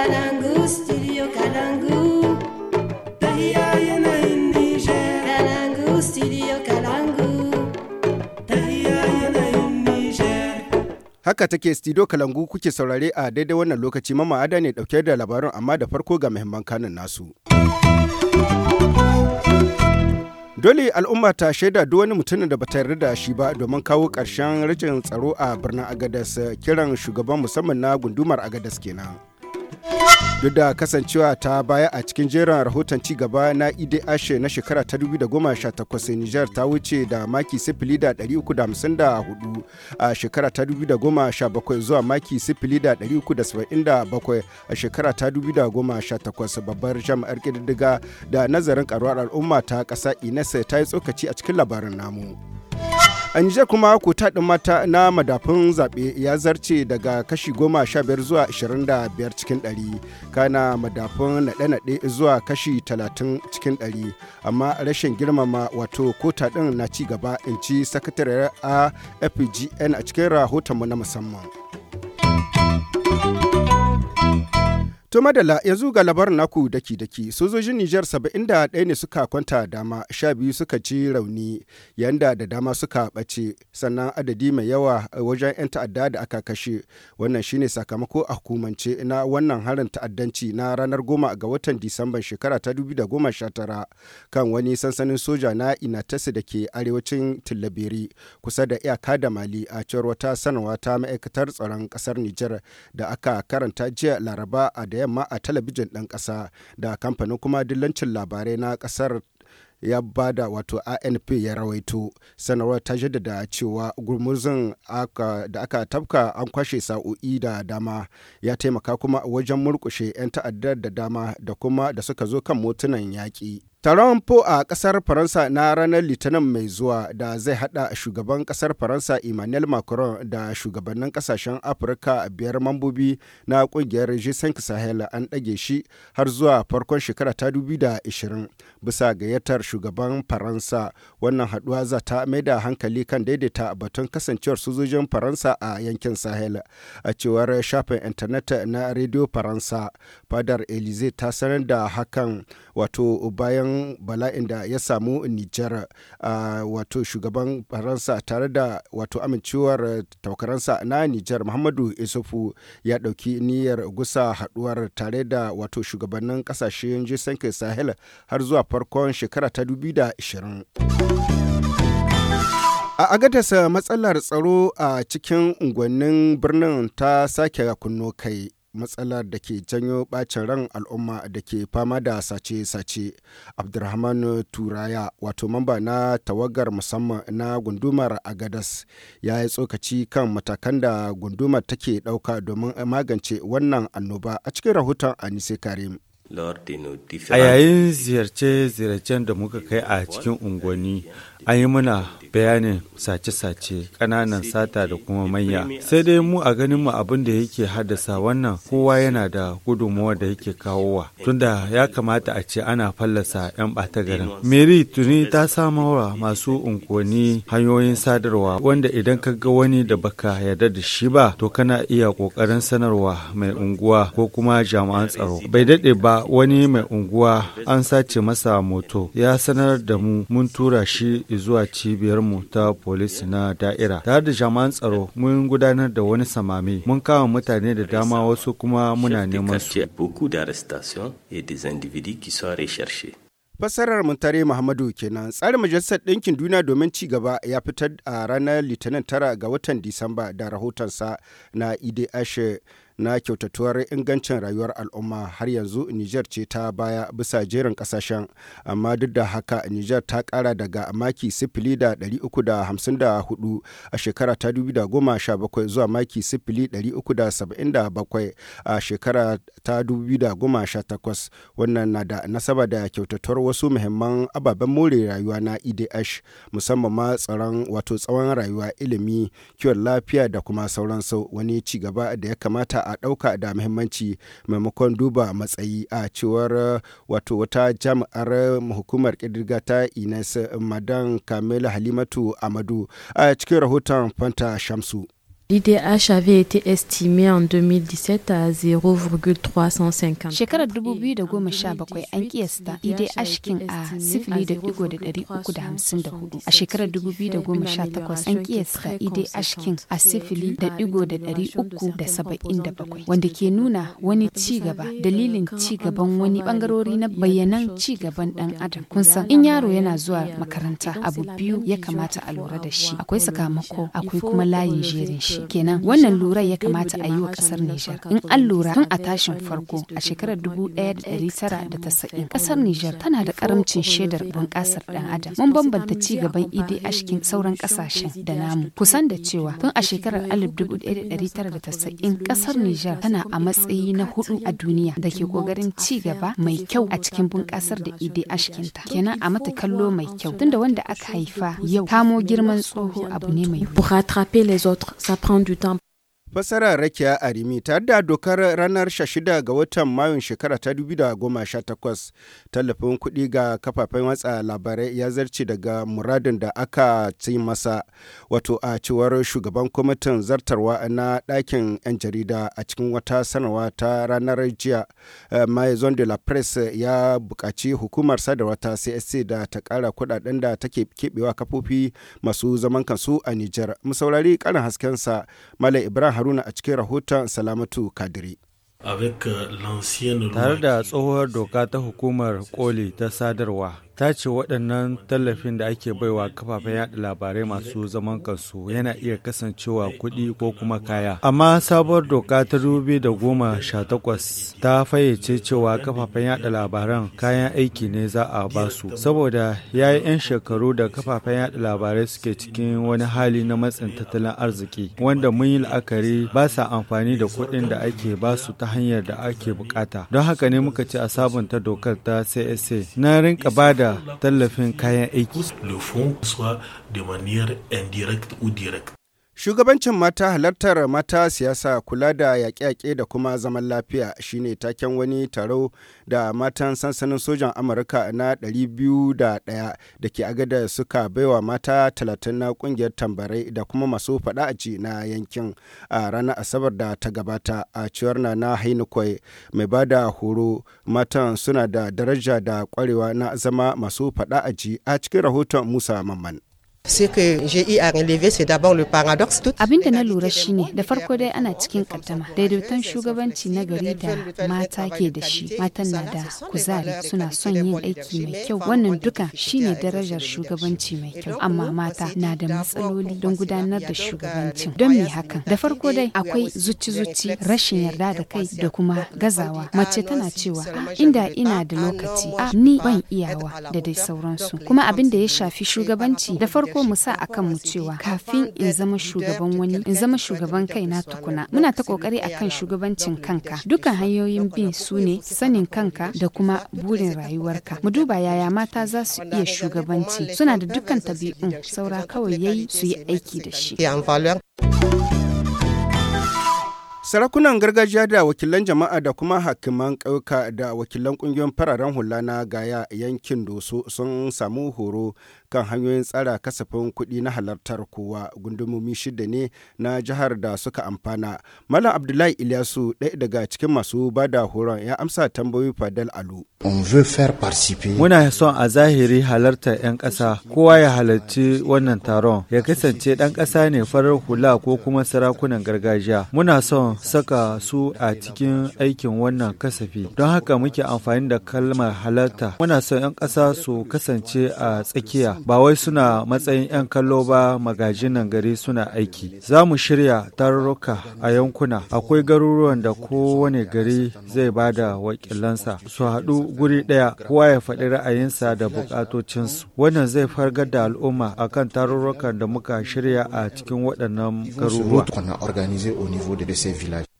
Kalangu, studio Kalangu. yanayin Kalangu, studio Kalangu. yanayin Haka take studio Kalangu kuke saurare a daidai wannan lokaci mama ada ne dauke da labarin amma da farko ga muhimman kanin nasu. Dole al'umma ta shaida duk wani mutumin da bata yarda da shi ba domin kawo ƙarshen rashin tsaro a birnin Agadas kiran shugaban musamman na gundumar Agadas kenan. duk da kasancewa ta baya a cikin jerin rahoton ci gaba na ide ashe na shekara ta 2018 niger ta wuce da maki sifili da 354 a shekara ta 2017 zuwa maki sifili da 377 a shekara ta 2018 babbar jami'ar ƙididdiga da nazarin karuwar al'umma ta ƙasa ines ta yi tsokaci a cikin labarin namu. an je kuma kota ɗin mata na madafin zaɓe ya zarce daga kashi goma sha biyar zuwa ashirin da biyar cikin ɗari kana madafin naɗe-naɗe zuwa kashi talatin cikin ɗari amma rashin girmama wato kota ɗin na ci gaba in ci sakatare a fgn a cikin rahotonmu na musamman. To madalla yanzu ga labarin naku daki daki sojojin Nijar 71 ne suka kwanta dama sha biyu suka ci rauni yanda da dama suka ɓace sannan adadi mai yawa eh, wajen 'yan ta'adda da aka kashe wannan shine sakamako a hukumance na wannan harin ta'addanci na ranar goma ga watan Disamban shekara ta sha 2019 kan wani sansanin soja na Inatasi da ke arewacin Tillaberi kusa da iyaka da Mali a cewar wata sanarwa ta ma'aikatar tsaron kasar Nijar da aka karanta jiya Laraba a yamma a talabijin ɗan ƙasa da kamfanin kuma dillancin labarai na ƙasar ya bada wato anp ya rawaito sanarwar ta jaddada cewa gurmuzin da aka tabka an kwashe sa'o'i da dama ya taimaka kuma wajen murkushe 'yan ta'addar da dama da kuma da suka zo kan motunan yaƙi Taron Po a ƙasar Faransa na ranar Litinin mai zuwa da zai haɗa shugaban ƙasar Faransa Emmanuel Macron da shugabannin ƙasashen Afirka biyar mambobi na ƙungiyar G5 Sahel an ɗage shi har zuwa farkon shekara ta 2020 bisa gayyatar shugaban Faransa. Wannan haɗuwa za ta mai da hankali kan daidaita batun kasancewar sojojin Faransa a yankin Sahel. A cewar shafin intanet na Radio Faransa, fadar Elize ta sanar da hakan wato bayan bayan bala'in da ya samu Nijar a wato shugaban Faransa tare da wato amincewar taukaransa na Nijar Muhammadu Isufu ya ɗauki niyyar gusa haɗuwar tare da wato shugabannin ƙasashen jisan Sahel har zuwa farkon shekara ta da 2020. A agadasa matsalar tsaro a cikin unguwannin birnin ta sake kunno kai matsalar da ke janyo bacin ran al'umma da ke fama da sace-sace abdulrahman turaya wato mamba na tawagar musamman na gundumar agadas ya yi tsokaci kan matakan da gundumar take ɗauka domin magance wannan annoba a cikin rahoton anise karim A yayin ziyarce-ziyarcen da muka kai a cikin unguwanni, an yi mana bayanin sace-sace ƙananan sata da kuma manya sai dai mu a ganin mu abin da yake haddasa wannan kowa yana da gudunmuwa da yake kawowa tunda ya kamata a ce ana fallasa 'yan bata garin mary tuni ta samawa masu unguwanni hanyoyin sadarwa wanda idan ka ga wani da baka yarda da shi ba to kana iya kokarin sanarwa mai unguwa ko kuma jami'an tsaro bai dade ba wani mai unguwa an sace masa moto ya sanar da mu mun tura shi zuwa cibiyar mu ta polis na da'ira. Tare da jama'an tsaro mun gudanar da wani samami Mun kama mutane da dama wasu kuma muna neman su. Fassarar Muntare Muhammadu kenan tsarin Majalisar Ɗinkin Duniya domin ci gaba ya fitar a ranar Litinin tara ga watan Disamba da rahotonsa na Ide Ashe na kyautatuwar ingancin rayuwar al'umma har yanzu niger ce ta baya bisa jerin kasashen amma duk da haka niger ta kara daga maki sifili da 354 a shekara ta 2017 zuwa maki sifili 377 a shekara ta 2018 wannan na da nasaba da kyautatuwar wasu muhimman ababen more rayuwa na EDH musamman ma tsaron wato tsawon rayuwa ilimi kiwon lafiya da kuma sauran sau wani ci gaba da ya kamata a a ɗauka da muhimmanci maimakon duba matsayi a cewar wato wata jami'ar hukumar ƙididdiga ta ines madan kamila halimatu amadu a cikin rahoton fanta shamsu. IDH avait été estimé en 2017 à 0,350. Shekarar 2017 an kiyasta IDH kin a 0.354. A shekarar 2018 an kiyasta IDH kin a 0.377 wanda ke nuna wani ci gaba dalilin ci gaban wani bangarori na bayanan ci gaban dan adam. Kun san in yaro yana zuwa makaranta abu biyu ya kamata a lura da shi akwai sakamako akwai kuma layin jerin shi. shi kenan wannan lura ya kamata a yi wa kasar Nijar. In an lura tun a tashin farko a shekarar 1990 kasar Nijar tana da karamcin shaidar bunƙasar ɗan adam. Mun bambanta ci gaban idi e a cikin sauran kasashen da namu. Kusan da cewa tun a shekarar 1990 kasar Nijar tana a matsayi na hudu a duniya da ke kogarin ci gaba mai kyau a cikin bunƙasar da idi a ta. Kenan a mata kallo mai kyau tunda wanda aka haifa yau kamo girman tsoho abu ne mai. Pour rattraper les autres, ça prendre du temps Fasarar Rakiya Arimi ta da dokar ranar 16 ga watan Mayun shekara ta 2018 tallafin kuɗi ga kafafen watsa labarai ya zarce daga muradin da aka ci masa wato a cewar shugaban kwamitin zartarwa na dakin 'yan jarida a cikin wata sanarwa ta ranar jiya eh, Maison de la Presse ya buƙaci hukumar sadarwa ta CSC da ta kara kuɗaɗen da take kebewa kafofi masu zaman kansu a Nijar. Mu saurari ƙarin haskensa Malam Ibrahim haruna a cikin rahoton salamatu kadiri euh, tare da tsohuwar doka ta hukumar koli ta euh, sadarwa ta ce waɗannan tallafin da ake baiwa kafafen yaɗa labarai masu zaman kansu yana iya kasancewa kuɗi ko kuma kaya amma sabuwar doka ta da goma sha takwas ta fayyace cewa kafafen yaɗa labaran kayan aiki ne za a ba su, saboda ya yi 'yan shekaru da kafafen yaɗa labarai suke cikin wani hali na matsin tattalin arziki wanda mun yi la'akari ba sa amfani da kuɗin da ake ba su ta hanyar da ake bukata don haka ne muka ce a sabunta dokar ta csa na rinka bada tallafin kayan aiki Shugabancin mata halartar mata siyasa kula da yaƙe-yaƙe da kuma zaman lafiya shine taken wani taro da matan sansanin sojan Amurka na 201 da ke agada suka baiwa mata talatin na ƙungiyar tambarai da kuma masu faɗa a ci na yankin a ranar Asabar da ta gabata a ciwar na na Hainukwai mai ba da horo matan suna da daraja da ƙwarewa na zama masu faɗa a ci a cikin rahoton Musa Mamman. Abin da na lura shine da farko dai ana cikin kaddama daidaiton shugabanci na gari da mata ke da shi matan na da kuzari suna son yin aiki mai kyau wannan duka shine darajar shugabanci mai kyau amma mata na da matsaloli don gudanar da euh, shugabancin don me hakan da farko dai akwai zuci-zuci rashin yarda da kai da kuma gazawa mace ah, tana cewa inda ina da ah, lokaci ah, ni ban iyawa da dai sauransu kuma abin da ya shafi shugabanci da farko farko mu sa akan mu cewa kafin in zama shugaban wani in zama shugaban kai na tukuna muna ta kokari akan shugabancin kanka dukan hanyoyin bin su ne sanin kanka da kuma burin rayuwarka mu duba yaya mata za su iya shugabanci suna da dukkan tabi'un saura kawai yayi su yi aiki da shi Sarakunan gargajiya da wakilan jama'a da kuma hakiman ƙauka da wakilan ƙungiyoyin fararen hula na gaya yankin doso sun samu horo kan hanyoyin tsara kasafin kuɗi na halartar kowa gundumomi shida ne na jihar da suka amfana malam abdullahi ilyasu ɗaya daga cikin masu ba da horon ya amsa tambayoyi fadal alu muna son a zahiri halartar 'yan ƙasa kowa ya halarci wannan taron ya kasance ɗan ƙasa ne farar hula ko kuma sarakunan gargajiya muna son saka su a cikin aikin wannan kasafi don haka muke amfani da kalmar halarta muna son 'yan ƙasa su kasance a tsakiya ba wai suna matsayin 'yan kallo ba magajinan gari suna aiki. Za mu shirya tarurruka a yankuna. Akwai garuruwan da kowane gari zai ba da wakilansa su haɗu guri ɗaya kowa ya faɗi ra'ayinsa da bukatocinsu. Wannan zai fargar da al'umma akan tarurrukan da muka shirya a cikin waɗannan garuruwa.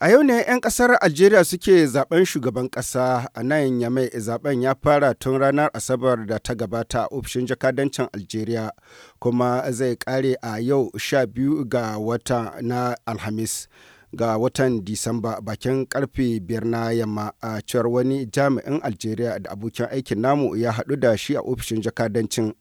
A yau ne 'yan ƙasar Algeria suke zaben shugaban ƙasa a nan Yamai zaben ya fara tun ranar Asabar da ta gabata a ofishin jakadancin Algeria kuma zai ƙare a yau 12 ga wata na Alhamis. ga watan Disamba bakin karfe biyar na yamma a cewar wani jami'in Algeria da abokin aikin namu ya haɗu da shi a ofishin jakadancin.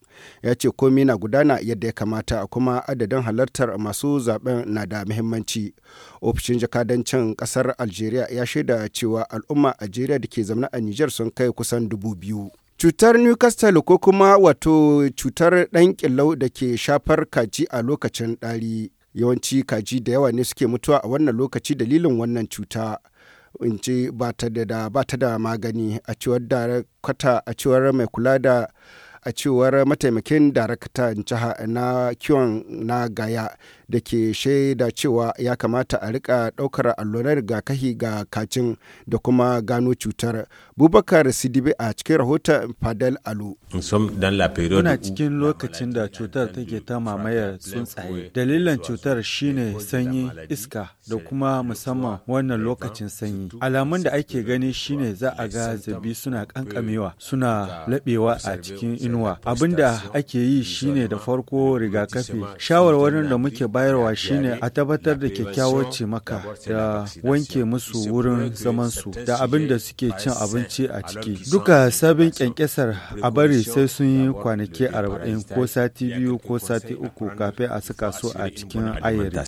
Ya ce komi na gudana yadda ya kamata kuma adadin halartar masu zaben na da muhimmanci. Ofishin jakadancin ƙasar Algeria ya shaida cewa al'umma Algeria da ke zaune a Niger sun kai kusan dubu biyu. Cutar Newcastle ko kuma wato cutar ɗan ƙillau da ke shafar kaji a lokacin ɗari yawanci kaji da yawa ne suke mutuwa a wannan lokaci dalilin wannan cuta in ce ba ta da magani a cewar darakata a cewar mai kula da a cewar mataimakin darakata jiha na kiwon na gaya da ke shaida cewa ya kamata a rika ɗaukar allurar rigakafi ga kacin da kuma gano cutar. Bubakar Sidibe a cikin rahoton Fadal Alu. Muna cikin lokacin da cutar take ta mamayar tsuntsaye. Dalilan cutar shine sanyi, iska da kuma musamman wannan lokacin sanyi. Alamun da ake gani shine za a ga zabi suna kankamewa, suna labewa a cikin inuwa. Abin da ake yi shine da farko rigakafi. Shawarwarin da muke bayarwa shine a tabbatar da kyakkyawar maka da wanke musu wurin zamansu da abin da suke cin abinci a ciki. Duka sabin kyankyasar a bari sai sun yi kwanaki arba'in ko sati biyu ko sati uku kafin a saka so a cikin ayari. de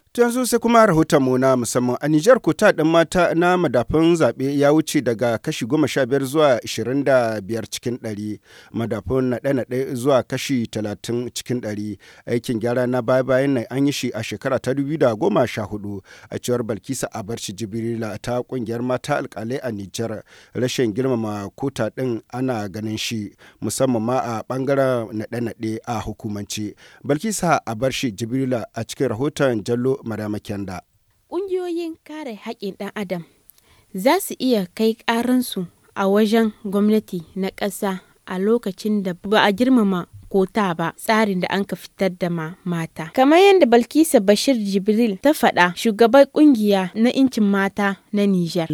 yanzu sai kuma rahoton mu na musamman a Nijar kuta ɗin mata na madafun zaɓe ya wuce daga kashi goma sha biyar zuwa ishirin da biyar cikin ɗari madafun naɗe-naɗe zuwa kashi talatin cikin ɗari aikin gyara na baya bayan nan an yi shi a shekara ta dubu da goma sha hudu a cewar Balkisa barci Jibrila ta ƙungiyar mata alƙalai a Nijar rashin girmama kuta ɗin ana ganin shi musamman ma a ɓangaren naɗe-naɗe a hukumance Balkisa Abarci Jibrila a cikin rahoton Jallo Madama Kenda. Ƙungiyoyin kare haƙƙin ɗan Adam za su iya kai ƙaransu a wajen gwamnati na ƙasa a lokacin da ba a girmama ko ta ba tsarin da an ka fitar da ma mata. Kamar yadda Balkisa Bashir Jibril ta faɗa shugaban ƙungiya na incin mata na Nijar.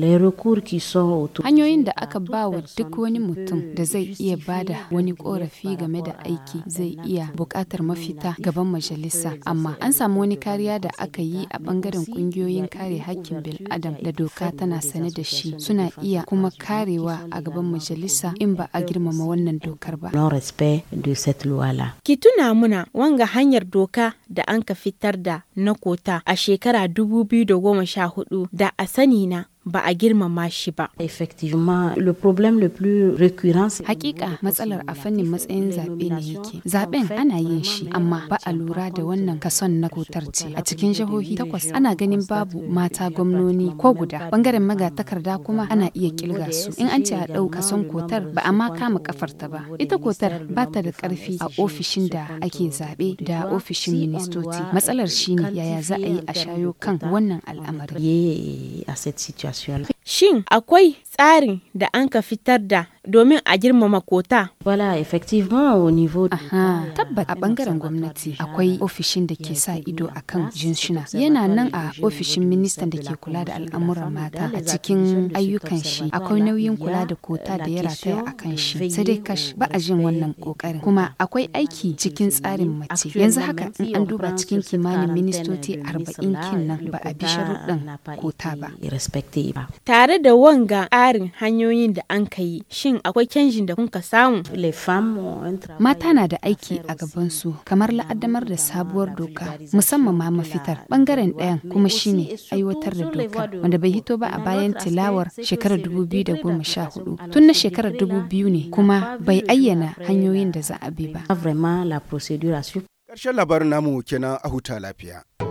Hanyoyin da aka ba wa duk wani mutum da zai iya ba da wani korafi game da aiki zai iya buƙatar mafita gaban majalisa amma an samu wani kariya da aka yi a ɓangaren ƙungiyoyin kare hakkin bil'adam da doka tana sane da shi suna iya kuma karewa a gaban majalisa in ba a girmama wannan dokar ba. luwala. Ki tuna muna wanga hanyar doka da an ka fitar da na kota a shekara 2014 da a sani na ba a girmama shi ba. Hakika matsalar a fannin matsayin zaɓe ne yake. Zaɓen ana yin shi amma ba a lura da wannan kason na kotar ce. A cikin jihohi takwas ana ganin babu mata gwamnoni ko guda. Bangaren magatakarda kuma ana iya kilga su. In an ce a ɗau kason kotar ba a ma kama kafarta ba. Ita kotar ba ta da ƙarfi a ofishin da ake zaɓe da ofishin ministoci. Matsalar shi ne yaya za a yi a shayo kan wannan al'amarin. Shin akwai tsarin da an ka fitar da domin a girmama kota. Wala effectivement au niveau a bangaren gwamnati akwai ofishin da ke sa ido a kan jinsuna. Yana nan a ofishin ministan da ke kula da al'amuran mata a cikin ayyukan shi akwai nauyin kula da kota da ya rataya a kan shi. Sai dai ba a jin wannan kokarin. Kuma akwai aiki cikin tsarin mace. Yanzu haka in an duba cikin kimanin ministoci arba'in kin nan ba a bi sharuɗan kota ba. Tare da wanga ƙarin hanyoyin da an ka yi shin shin akwai canjin da kun ka samu? Mata na da aiki a gabansu kamar la'addamar da sabuwar doka musamman ma mafitar bangaren ɗayan kuma shine aiwatar da doka wanda bai hito ba a bayan tilawar shekarar 2014 tun na shekarar 2000 ne kuma bai ayyana hanyoyin da za a bi ba. Ƙarshen labarin namu kenan a huta lafiya.